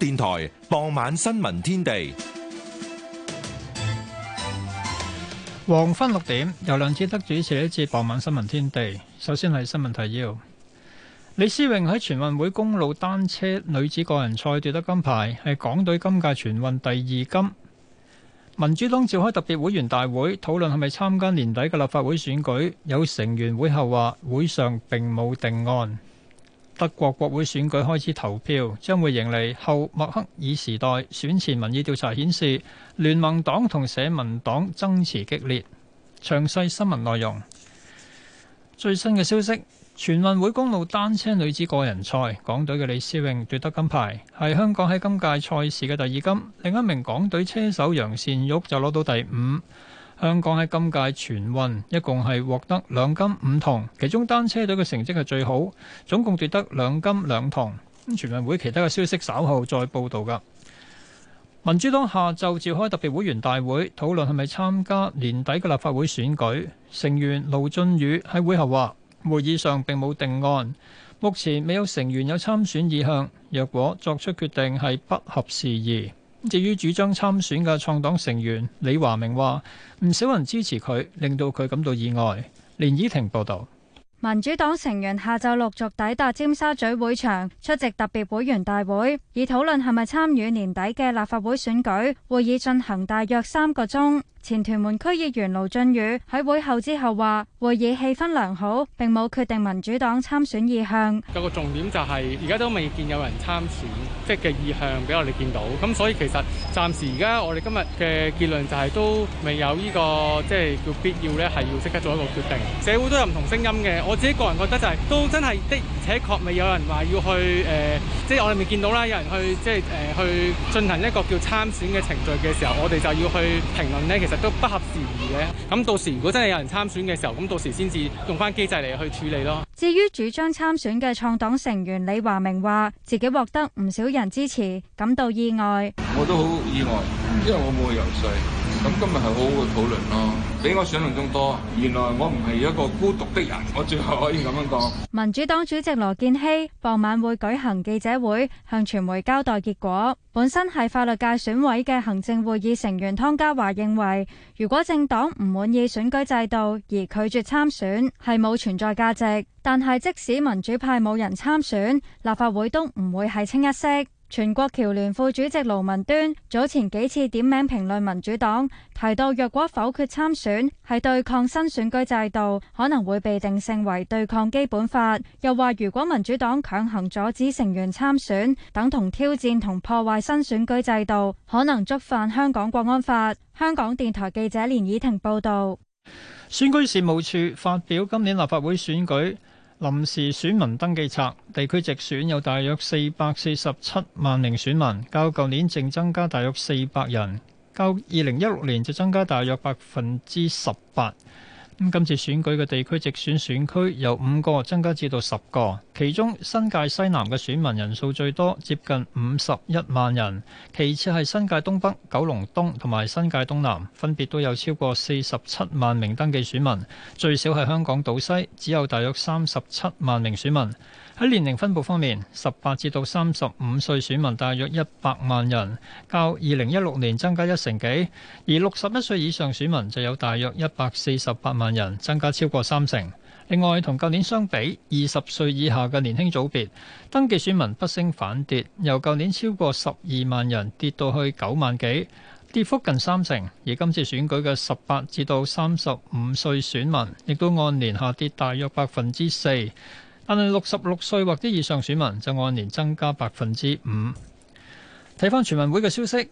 電台傍晚新聞天地，黃昏六點由梁志德主持一次《傍晚新聞天地》。首先係新聞提要：李思穎喺全運會公路單車女子個人賽奪得金牌，係港隊今屆全運第二金。民主黨召開特別會員大會討論係咪參加年底嘅立法會選舉，有成員會後話會上並冇定案。德國國會選舉開始投票，將會迎嚟後默克爾時代，選前民意調查顯示，聯盟黨同社民黨爭持激烈。詳細新聞內容。最新嘅消息，全運會公路單車女子個人賽，港隊嘅李思穎奪得金牌，係香港喺今屆賽事嘅第二金。另一名港隊車手楊善玉就攞到第五。香港喺今屆全運，一共係獲得兩金五銅，其中單車隊嘅成績係最好，總共奪得兩金兩銅。咁全運會其他嘅消息稍後再報道㗎。民主黨下晝召開特別會員大會，討論係咪參加年底嘅立法會選舉。成員盧俊宇喺會後話，會議上並冇定案，目前未有成員有參選意向，若果作出決定係不合時宜。至於主張參選嘅創黨成員李華明話：唔少人支持佢，令到佢感到意外。連依婷報導，民主黨成員下晝陸續抵達尖沙咀會場出席特別會員大會，以討論係咪參與年底嘅立法會選舉。會議進行大約三個鐘。前屯門區議員盧、盧俊宇喺會後之後話：會議氣氛良好，並冇決定民主黨參選意向。有個重點就係、是，而家都未見有人參選，即係嘅意向俾我哋見到。咁所以其實暫時而家我哋今日嘅結論就係都未有呢、這個即係、就是、叫必要咧，係要即刻做一個決定。社會都有唔同聲音嘅，我自己個人覺得就係、是、都真係的、的而且確未有人話要去誒，即、呃、係、就是、我哋未見到啦，有人去即係誒去進行一個叫參選嘅程序嘅時候，我哋就要去評論呢。其實都不合時宜嘅，咁到時如果真係有人參選嘅時候，咁到時先至用翻機制嚟去處理咯。至於主張參選嘅創黨成員李華明話，自己獲得唔少人支持，感到意外。我都好意外，因為我冇去游水。咁今日係好好嘅討論咯，比我想象中多。原來我唔係一個孤獨的人，我最後可以咁樣講。民主黨主席羅健熙傍晚會舉行記者會，向傳媒交代結果。本身係法律界選委嘅行政會議成員湯家驊認為，如果政黨唔滿意選舉制度而拒絕參選，係冇存在價值。但係即使民主派冇人參選，立法會都唔會係清一色。全國僑聯副主席盧文端早前幾次點名評論民主黨，提到若果否決參選，係對抗新選舉制度，可能會被定性為對抗基本法。又話如果民主黨強行阻止成員參選，等同挑戰同破壞新選舉制度，可能觸犯香港國安法。香港電台記者連以婷報道，選舉事務處發表今年立法會選舉。臨時選民登記冊，地區直選有大約四百四十七萬名選民，較舊年淨增加大約四百人，較二零一六年就增加大約百分之十八。咁今次選舉嘅地區直選選區由五個增加至到十個，其中新界西南嘅選民人數最多，接近五十一萬人；其次係新界東北、九龍東同埋新界東南，分別都有超過四十七萬名登記選民；最少係香港島西，只有大約三十七萬名選民。喺年齡分佈方面，十八至到三十五歲選民大約一百萬人，較二零一六年增加一成幾；而六十一歲以上選民就有大約一百四十八萬。人增加超過三成。另外，同舊年相比，二十歲以下嘅年輕組別登記選民不升反跌，由舊年超過十二萬人跌到去九萬幾，跌幅近三成。而今次選舉嘅十八至到三十五歲選民，亦都按年下跌大約百分之四。但係六十六歲或者以上選民就按年增加百分之五。睇返全運會嘅消息。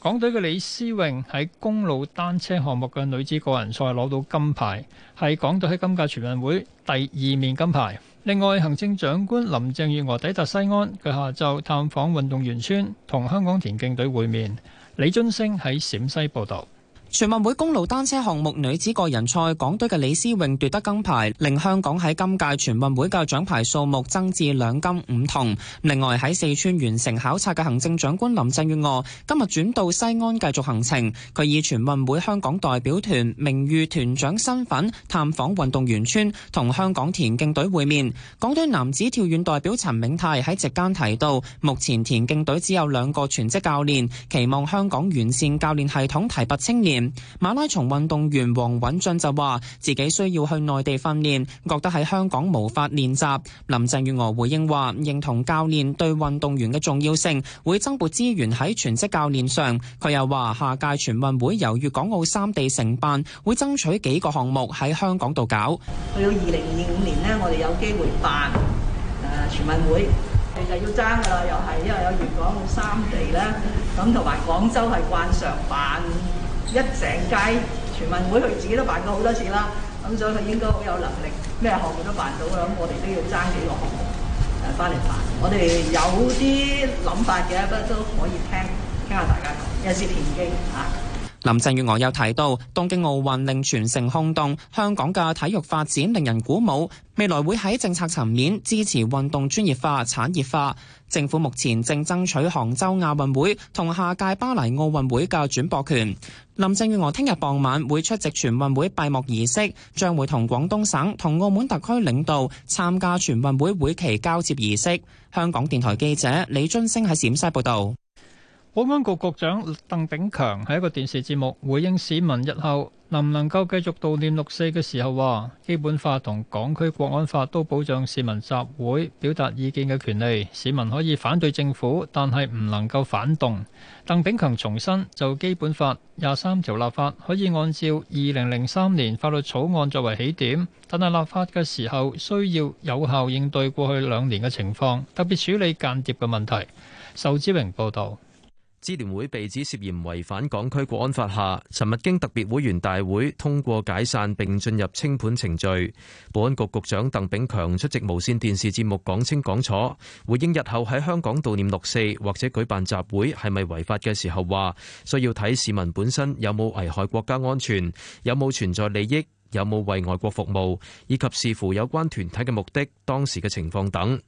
港隊嘅李思穎喺公路單車項目嘅女子個人賽攞到金牌，係港隊喺今屆全運會第二面金牌。另外，行政長官林鄭月娥抵達西安，佢下晝探訪運動員村，同香港田徑隊會面。李津星喺陝西報道。全運會公路單車項目女子個人賽，港隊嘅李思穎奪得金牌，令香港喺今屆全運會嘅獎牌數目增至兩金五銅。另外喺四川完成考察嘅行政長官林鄭月娥，今日轉到西安繼續行程。佢以全運會香港代表團名譽團長身份探訪運動員村，同香港田徑隊會面。港隊男子跳遠代表陳銘泰喺席間提到，目前田徑隊只有兩個全職教練，期望香港完善教練系統，提拔青年。馬拉松運動員黃穩進就話自己需要去內地訓練，覺得喺香港無法練習。林鄭月娥回應話認同教練對運動員嘅重要性，會增撥資源喺全職教練上。佢又話下屆全運會由粵港澳三地承辦，會爭取幾個項目喺香港度搞。去到二零二五年呢，我哋有機會辦誒全運會，其實要爭㗎喇，又係因為有粵港澳三地咧，咁同埋廣州係慣常辦。一整屆全運會，佢自己都辦過好多次啦，咁、嗯、所以佢應該好有能力，咩項目都辦到啦。咁我哋都要爭幾個項目誒，翻、啊、嚟辦。我哋有啲諗法嘅，不過都可以聽聽下大家講。尤其係田徑嚇。啊林鄭月娥又提到，東京奧運令全城轟動，香港嘅體育發展令人鼓舞，未來會喺政策層面支持運動專業化、產業化。政府目前正爭取杭州亞運會同下屆巴黎奧運會嘅轉播權。林鄭月娥聽日傍晚會出席全運會閉幕儀式，將會同廣東省同澳門特區領導參加全運會會期交接儀式。香港電台記者李津星喺陝西報道。保安局局長鄧炳強喺一個電視節目回應市民日後能唔能夠繼續悼念六四嘅時候，話基本法同港區國安法都保障市民集會表達意見嘅權利，市民可以反對政府，但係唔能夠反動。鄧炳強重申就基本法廿三條立法，可以按照二零零三年法律草案作為起點，但係立法嘅時候需要有效應對過去兩年嘅情況，特別處理間諜嘅問題。仇志榮報道。支聯會被指涉嫌違反港區國安法下，尋日經特別會員大會通過解散，並進入清盤程序。保安局局長鄧炳強出席無綫電視節目《講清講楚》，回應日後喺香港悼念六四或者舉辦集會係咪違法嘅時候，話需要睇市民本身有冇危害國家安全，有冇存在利益。有冇為外國服務，以及視乎有關團體嘅目的、當時嘅情況等。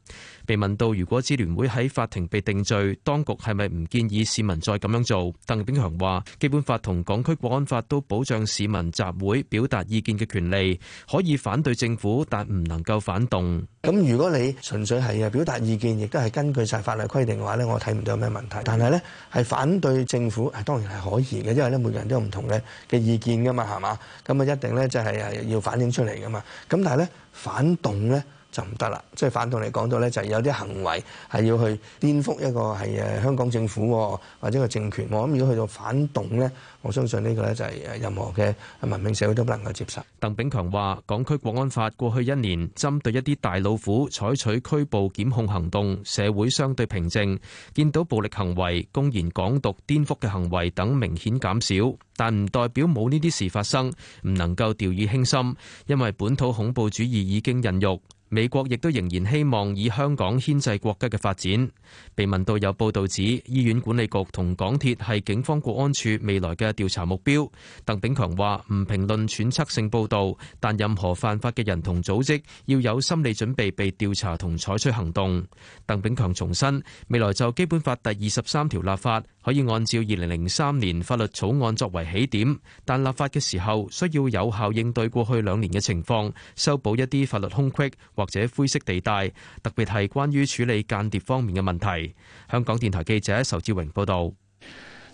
被問到如果支聯會喺法庭被定罪，當局係咪唔建議市民再咁樣做？鄧炳強話：基本法同港區國安法都保障市民集會表達意見嘅權利，可以反對政府，但唔能夠反動。咁如果你純粹係啊表達意見，亦都係根據晒法律規定嘅話咧，我睇唔到有咩問題。但係咧，係反對政府，係當然係可以嘅，因為咧每個人都有唔同嘅嘅意見噶嘛，係嘛？咁啊一定咧就係、係、啊要反映出嚟噶嘛。咁但係咧反動咧。就唔得啦，即係反動嚟講到咧，就係、是、有啲行為係要去顛覆一個係誒香港政府、哦、或者個政權，我諗如果去到反動咧，我相信呢個咧就係誒任何嘅文明社會都不能夠接受。鄧炳強話，港區國安法過去一年針對一啲大老虎採取拘捕檢控行動，社會相對平靜，見到暴力行為公然港獨顛覆嘅行為等明顯減少，但唔代表冇呢啲事發生，唔能夠掉以輕心，因為本土恐怖主義已經孕育。美國亦都仍然希望以香港牽制國家嘅發展。被問到有報道指醫院管理局同港鐵係警方國安處未來嘅調查目標，鄧炳強話唔評論揣測性報道，但任何犯法嘅人同組織要有心理準備被調查同採取行動。鄧炳強重申，未來就基本法第二十三條立法可以按照二零零三年法律草案作為起點，但立法嘅時候需要有效應對過去兩年嘅情況，修補一啲法律空隙。或者灰色地帶，特別係關於處理間諜方面嘅問題，香港電台記者仇志榮報道。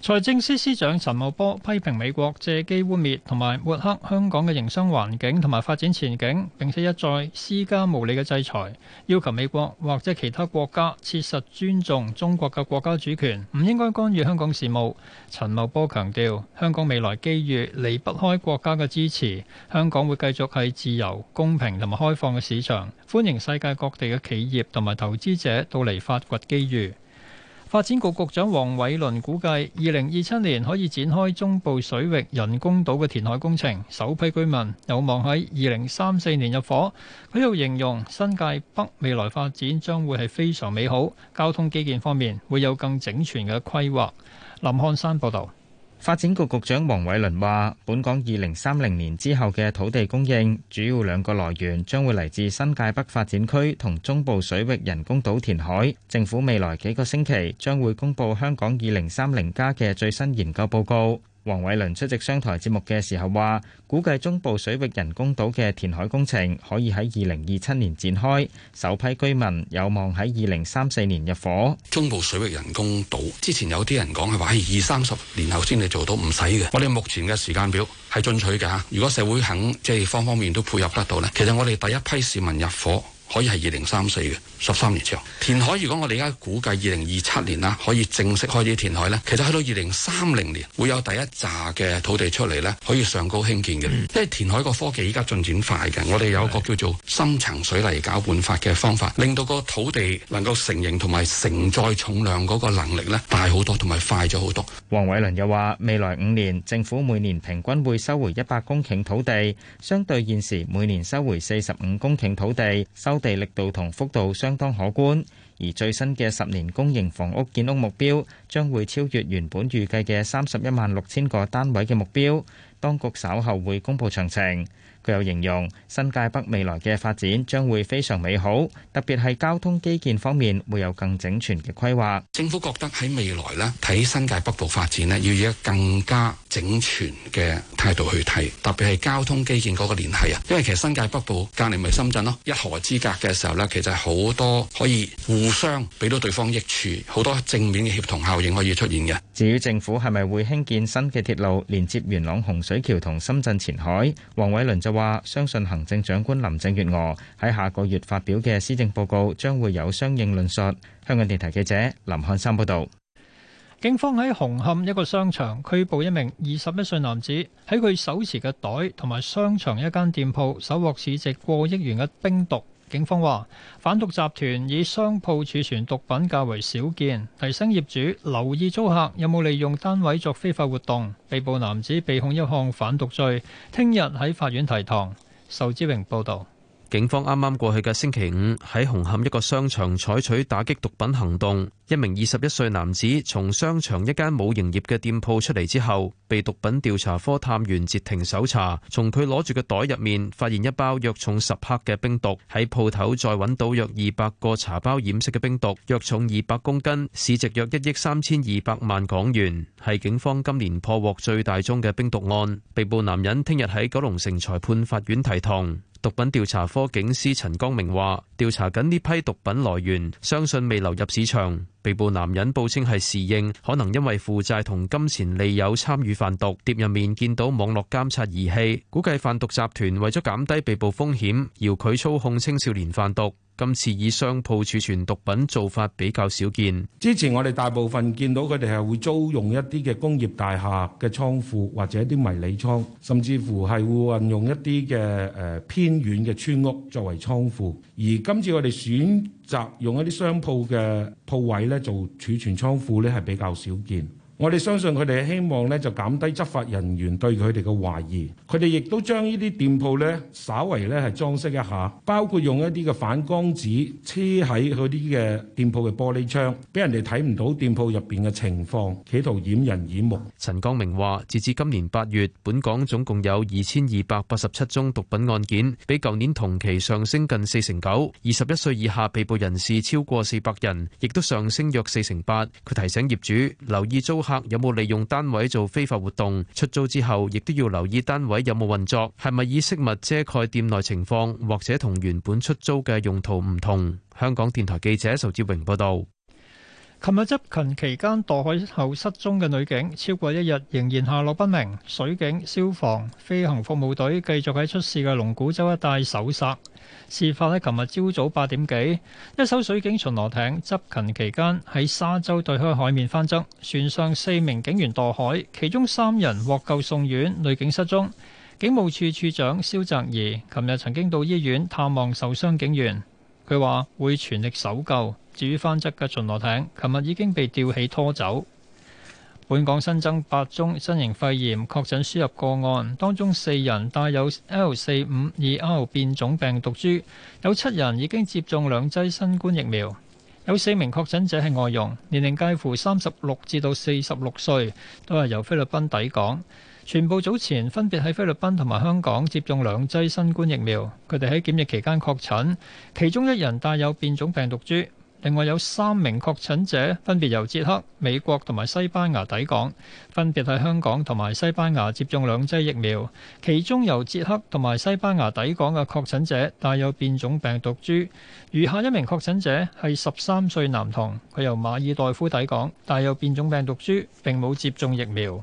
財政司司長陳茂波批評美國借機污衊同埋抹黑香港嘅營商環境同埋發展前景，並且一再施加無理嘅制裁，要求美國或者其他國家切實尊重中國嘅國家主權，唔應該干預香港事務。陳茂波強調，香港未來機遇離不開國家嘅支持，香港會繼續喺自由、公平同埋開放嘅市場，歡迎世界各地嘅企業同埋投資者到嚟發掘機遇。發展局局長黃偉綸估計，二零二七年可以展開中部水域人工島嘅填海工程，首批居民有望喺二零三四年入伙。佢又形容新界北未來發展將會係非常美好，交通基建方面會有更整全嘅規劃。林漢山報道。發展局局長黃偉綸話，本港二零三零年之後嘅土地供應主要兩個來源，將會嚟自新界北發展區同中部水域人工島填海。政府未來幾個星期將會公布香港二零三零加嘅最新研究報告。黃偉綸出席商台節目嘅時候話，估計中部水域人工島嘅填海工程可以喺二零二七年展開，首批居民有望喺二零三四年入伙。中部水域人工島之前有啲人講係話，係二三十年後先至做到，唔使嘅。 我哋目前嘅時間表係進取嘅吓，如果社會肯即係方方面面都配合得到呢，其實我哋第一批市民入伙。可以係二零三四嘅十三年之後填海。如果我哋而家估計二零二七年啦，可以正式開始填海呢，其實去到二零三零年會有第一揸嘅土地出嚟呢，可以上高興建嘅。因為填海個科技依家進展快嘅，我哋有一個叫做深層水泥攪拌法嘅方法，令到個土地能夠成型同埋承載重量嗰個能力呢，大好多，同埋快咗好多。黃偉麟又話：未來五年政府每年平均會收回一百公頃土地，相對現時每年收回四十五公頃土地收。土地力度同幅度相當可觀，而最新嘅十年公營房屋建屋目標，將會超越原本預計嘅三十一萬六千個單位嘅目標。當局稍後會公布詳情。佢有形容新界北未來嘅發展將會非常美好，特別係交通基建方面會有更整全嘅規劃。政府覺得喺未來咧，睇新界北部發展咧，要以一個更加整全嘅態度去睇，特別係交通基建嗰個聯繫啊。因為其實新界北部隔籬咪深圳咯，一河之隔嘅時候咧，其實好多可以互相俾到對方益處，好多正面嘅協同效應可以出現嘅。至於政府係咪會興建新嘅鐵路連接元朗洪水橋同深圳前海？黃偉綸就話。話相信行政長官林鄭月娥喺下個月發表嘅施政報告將會有相應論述。香港電台記者林漢山報導。警方喺紅磡一個商場拘捕一名二十一歲男子，喺佢手持嘅袋同埋商場一間店鋪，搜獲市值過億元嘅冰毒。警方話，販毒集團以商鋪儲存毒品較為少見，提醒業主留意租客有冇利用單位作非法活動。被捕男子被控一項販毒罪，聽日喺法院提堂。仇志榮報道，警方啱啱過去嘅星期五喺紅磡一個商場採取打擊毒品行動。一名二十一歲男子從商場一間冇營業嘅店鋪出嚟之後，被毒品調查科探員截停搜查，從佢攞住嘅袋入面發現一包約重十克嘅冰毒，喺鋪頭再揾到約二百個茶包染色嘅冰毒，約重二百公斤，市值約一億三千二百萬港元，係警方今年破獲最大宗嘅冰毒案。被捕男人聽日喺九龍城裁判法院提堂。毒品調查科警司陳光明話：調查緊呢批毒品來源，相信未流入市場。被捕男人報稱係侍應，可能因為負債同金錢利誘參與販毒，碟入面見到網絡監察儀器，估計販毒集團為咗減低被捕風險，要佢操控青少年販毒。今次以商鋪儲存毒品做法比較少見。之前我哋大部分見到佢哋係會租用一啲嘅工業大廈嘅倉庫，或者啲迷你倉，甚至乎係會運用一啲嘅偏遠嘅村屋作為倉庫。而今次我哋選擇用一啲商鋪嘅鋪位做儲存倉庫咧，係比較少見。我哋相信佢哋希望呢就減低執法人員對佢哋嘅懷疑。佢哋亦都將呢啲店鋪呢稍微呢係裝飾一下，包括用一啲嘅反光紙黐喺佢啲嘅店鋪嘅玻璃窗，俾人哋睇唔到店鋪入邊嘅情況，企圖掩人耳目。陳光明話，截至今年八月，本港總共有二千二百八十七宗毒品案件，比舊年同期上升近四成九。二十一歲以下被捕人士超過四百人，亦都上升約四成八。佢提醒業主留意租。客有冇利用單位做非法活動？出租之後，亦都要留意單位有冇運作，係咪以飾物遮蓋店內情況，或者同原本出租嘅用途唔同？香港電台記者仇志榮報道。琴日執勤期間墮海後失蹤嘅女警，超過一日仍然下落不明。水警、消防、飛行服務隊繼續喺出事嘅龍鼓洲一帶搜索。事發喺琴日朝早八點幾，一艘水警巡邏艇執勤期間喺沙洲對開海面翻側，船上四名警員墮海，其中三人獲救送院，女警失蹤。警務處處長蕭澤頤琴日曾經到醫院探望受傷警員，佢話會全力搜救。至於翻側嘅巡邏艇，琴日已經被吊起拖走。本港新增八宗新型肺炎確診輸入個案，當中四人帶有 L 四五二 R 變種病毒株，有七人已經接種兩劑新冠疫苗，有四名確診者係外傭，年齡介乎三十六至到四十六歲，都係由菲律賓抵港，全部早前分別喺菲律賓同埋香港接種兩劑新冠疫苗。佢哋喺檢疫期間確診，其中一人帶有變種病毒株。另外有三名確診者，分別由捷克、美國同埋西班牙抵港，分別喺香港同埋西班牙接種兩劑疫苗。其中由捷克同埋西班牙抵港嘅確診者帶有變種病毒株，餘下一名確診者係十三歲男童，佢由馬爾代夫抵港，帶有變種病毒株並冇接種疫苗。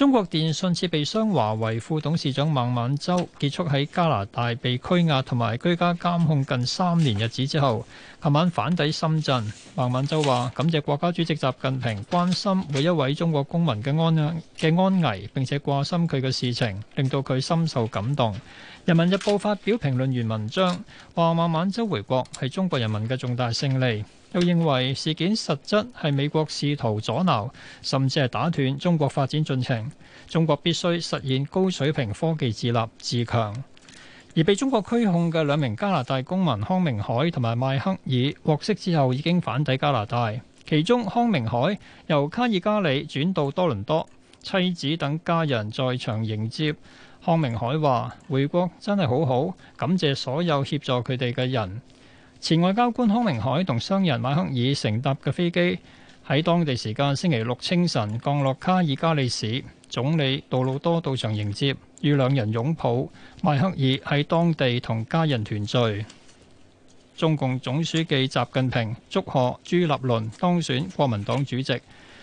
中國電信設備商華為副董事長孟晚舟結束喺加拿大被拘押同埋居家監控近三年日子之後，琴晚返抵深圳。孟晚舟話：感謝國家主席習近平關心每一位中國公民嘅安嘅安危，並且掛心佢嘅事情，令到佢深受感動。《人民日報》發表評論員文章，話孟晚舟回國係中國人民嘅重大勝利。又認為事件實質係美國試圖阻撓，甚至係打斷中國發展進程。中國必須實現高水平科技自立自強。而被中國拘控嘅兩名加拿大公民康明凱同埋邁克爾獲釋之後已經返抵加拿大，其中康明凱由卡爾加里轉到多倫多，妻子等家人在場迎接。康明凱話：回國真係好好，感謝所有協助佢哋嘅人。前外交官康明凱同商人邁克爾乘搭嘅飛機喺當地時間星期六清晨降落卡爾加里市，總理杜魯多到場迎接，與兩人擁抱。邁克爾喺當地同家人團聚。中共總書記習近平祝賀朱立倫當選國民黨主席。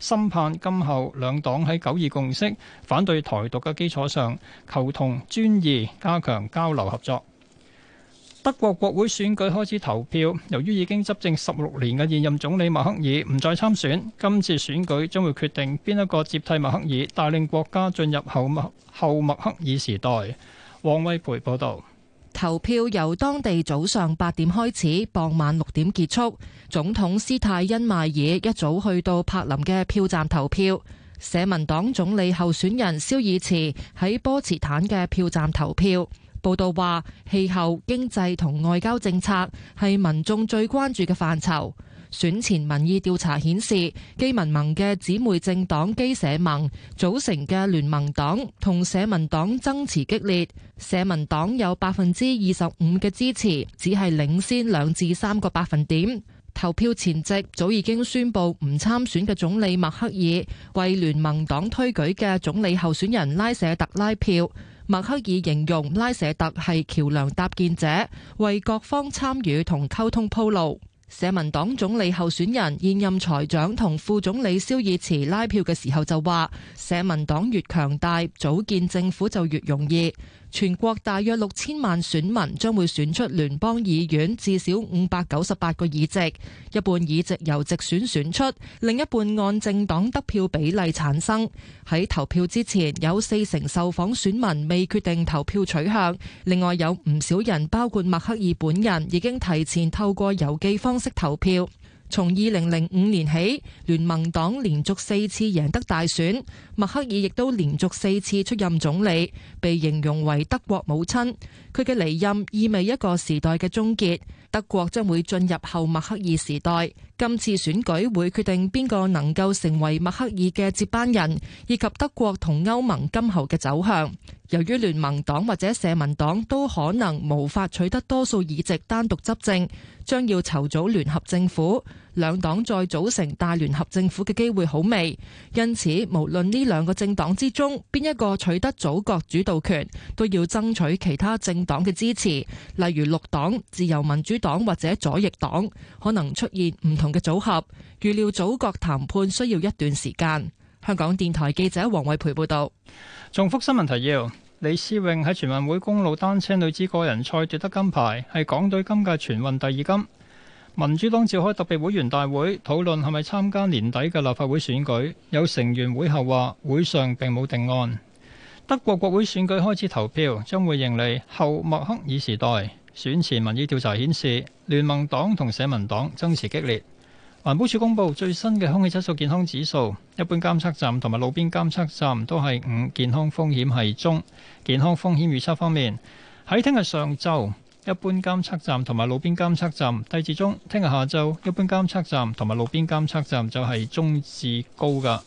深盼今後兩黨喺九二共識、反對台獨嘅基礎上求同存異，加強交流合作。德國國會選舉開始投票，由於已經執政十六年嘅現任總理默克爾唔再參選，今次選舉將會決定邊一個接替默克爾，帶領國家進入後默後默克爾時代。王威培報導。投票由當地早上八點開始，傍晚六點結束。總統斯泰因邁爾一早去到柏林嘅票站投票，社民黨總理候選人肖爾茨喺波茨坦嘅票站投票。報道話，氣候、經濟同外交政策係民眾最關注嘅範疇。選前民意調查顯示，基民盟嘅姊妹政黨基社盟組成嘅聯盟黨同社民黨爭持激烈。社民黨有百分之二十五嘅支持，只係領先兩至三個百分點。投票前夕，早已經宣布唔參選嘅總理默克爾為聯盟黨推舉嘅總理候選人拉舍特拉票。默克爾形容拉舍特係橋樑搭建者，為各方參與同溝通鋪路。社民黨總理候選人、現任財長同副總理蕭爾慈拉票嘅時候就話：社民黨越強大，組建政府就越容易。全國大約六千萬選民將會選出聯邦議院至少五百九十八個議席，一半議席由直選選出，另一半按政黨得票比例產生。喺投票之前，有四成受訪選民未決定投票取向，另外有唔少人，包括默克爾本人，已經提前透過郵寄方式投票。從二零零五年起，聯盟黨連續四次贏得大選，默克爾亦都連續四次出任總理，被形容為德國母親。佢嘅離任意味一個時代嘅終結，德國將會進入後默克爾時代。今次選舉會決定邊個能夠成為默克爾嘅接班人，以及德國同歐盟今後嘅走向。由於聯盟黨或者社民黨都可能無法取得多數議席，單獨執政，將要籌組聯合政府。兩黨再組成大聯合政府嘅機會好微，因此無論呢兩個政黨之中邊一個取得組閣主導權，都要爭取其他政黨嘅支持，例如綠黨、自由民主黨或者左翼黨，可能出現唔同嘅組合。預料組閣談判需要一段時間。香港電台記者王慧培報道：重複新聞提要，李思穎喺全運會公路單車女子個人賽奪得金牌，係港隊今屆全運第二金。民主黨召開特別會員大會討論係咪參加年底嘅立法會選舉，有成員會後話會上並冇定案。德國國會選舉開始投票，將會迎嚟後默克爾時代。選前民意調查顯示，聯盟黨同社民黨爭持激烈。環保署公布最新嘅空氣質素健康指數，一般監測站同埋路邊監測站都係五，健康風險係中。健康風險預測方面，喺聽日上晝，一般監測站同埋路邊監測站低至中；聽日下晝，一般監測站同埋路邊監測站就係中至高噶。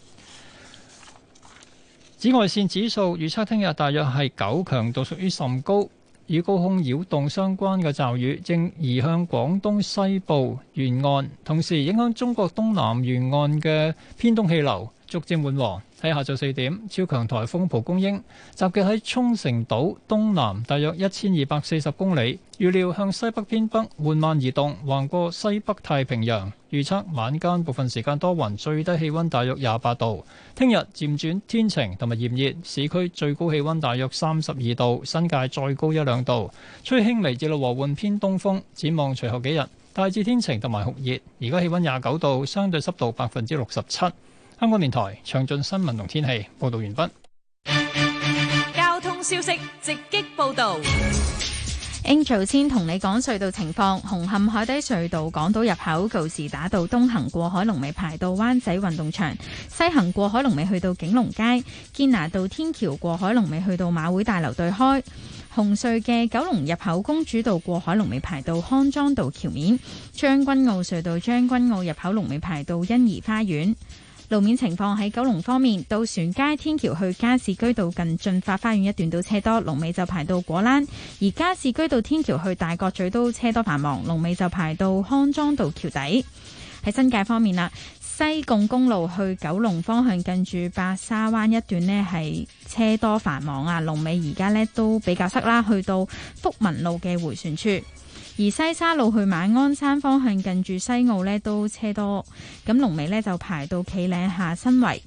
紫外線指數預測，聽日大約係九強度，屬於甚高。與高空擾動相關嘅驟雨正移向廣東西部沿岸，同時影響中國東南沿岸嘅偏東氣流逐漸緩和。喺下晝四點，超強颱風蒲公英集結喺沖繩島東南，大約一千二百四十公里。預料向西北偏北緩慢移動，橫過西北太平洋。預測晚間部分時間多雲，最低氣温大約廿八度。聽日漸轉天晴同埋炎熱，市區最高氣温大約三十二度，新界再高一兩度。吹輕微至到和緩偏東風。展望隨後幾日，大致天晴同埋酷熱。而家氣温廿九度，相對濕度百分之六十七。香港電台詳盡新聞同天氣報道完畢。交通消息直擊報道，Angel 先同你講隧道情況。紅磡海底隧道港島入口告士打道東行過海龍尾排到灣仔運動場，西行過海龍尾去到景隆街堅拿道天橋過海龍尾去到馬會大樓對開。紅隧嘅九龍入口公主道過海龍尾排到康莊道橋面，將軍澳隧道將軍澳入口龍尾排到欣怡花園。路面情況喺九龍方面，渡船街天橋去加士居道近駿發花園一段都車多，龍尾就排到果欄；而加士居道天橋去大角咀都車多繁忙，龍尾就排到康莊道橋底。喺新界方面啦，西貢公路去九龍方向近住白沙灣一段呢係車多繁忙啊，龍尾而家呢都比較塞啦，去到福民路嘅回旋處。而西沙路去馬鞍山方向，近住西澳呢都車多，咁龍尾呢就排到企嶺下新圍。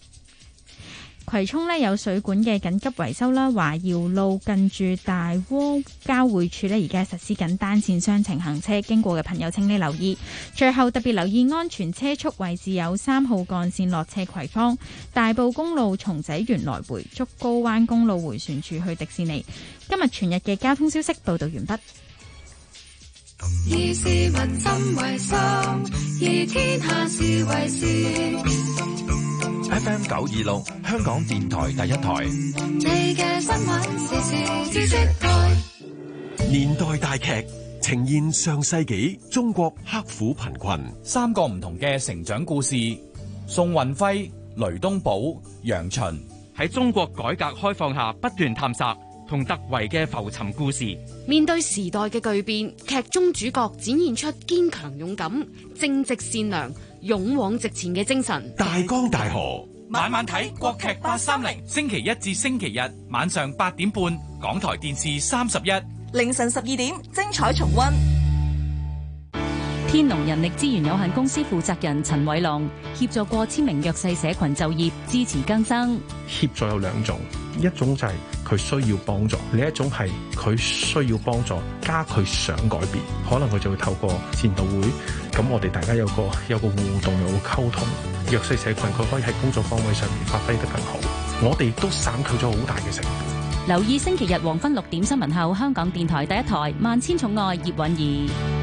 葵涌呢有水管嘅緊急維修啦，華耀路近住大窩交匯處呢而家實施緊單線雙程行車，經過嘅朋友請你留意。最後特別留意安全車速位置，有三號幹線落斜葵芳、大埔公路松仔園來回、竹篙灣公路回旋處去迪士尼。今日全日嘅交通消息報道完畢。以市民心為心，以天下事為事。FM 九二六，香港電台第一台。你嘅新聞時事知識台，年代大劇呈現上世紀中國刻苦貧困， 三個唔同嘅成長故事。宋運輝、雷東寶、楊巡喺中國改革開放下不斷探索，同德維嘅浮沉故事，面對時代嘅巨變，劇中主角展現出堅強、勇敢、正直、善良、勇往直前嘅精神。大江大河，晚晚睇國劇八三零，星期一至星期日晚上八點半，港台電視三十一，凌晨十二點，精彩重温。天龍人力資源有限公司負責人陳偉龍協助過千名弱勢社群就業，支持更生。協助有兩種。一種就係佢需要幫助，另一種係佢需要幫助加佢想改變，可能佢就會透過善導會，咁我哋大家有個有個互動有個溝通，弱勢社群佢可以喺工作崗位上面發揮得更好，我哋都省卻咗好大嘅成本。留意星期日黃昏六點新聞後，香港電台第一台《萬千寵愛》葉韻儀。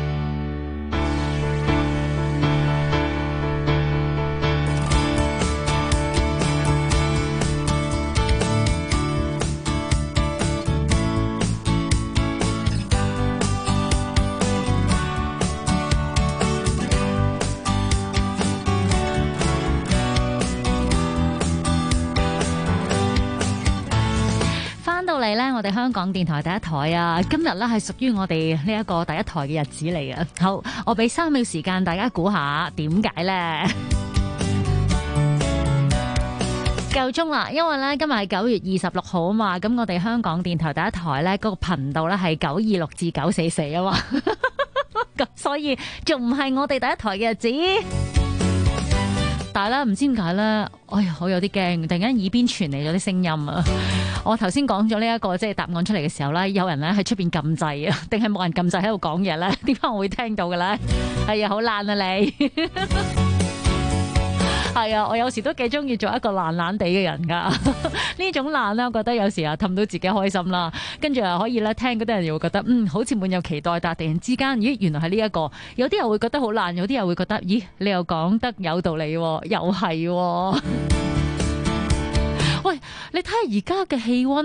電台第一台啊，今日咧係屬於我哋呢一個第一台嘅日子嚟嘅。好，我俾三秒時間大家估下點解呢？夠鐘啦，因為咧今日係九月二十六號啊嘛，咁我哋香港電台第一台咧嗰個頻道咧係九二六至九四四啊嘛，咁 所以仲唔係我哋第一台嘅日子？ 但係咧唔知呢點解咧，哎呀，好有啲驚，突然間耳邊傳嚟咗啲聲音啊！我頭先講咗呢一個即係答案出嚟嘅時候咧，有人咧喺出邊撳掣啊，定係冇人撳掣喺度講嘢咧？點解我會聽到嘅咧？係、哎、啊，好爛啊你！係 啊，我有時都幾中意做一個爛爛地嘅人噶。呢 種爛咧，我覺得有時啊氹到自己開心啦，跟住又可以咧聽嗰啲人又會覺得，嗯，好似滿有期待，但突然之間咦，原來係呢一個。有啲人會覺得好爛，有啲人會覺得，咦，你又講得有道理，啊，又係，啊。 喂，你睇下而家嘅氣溫。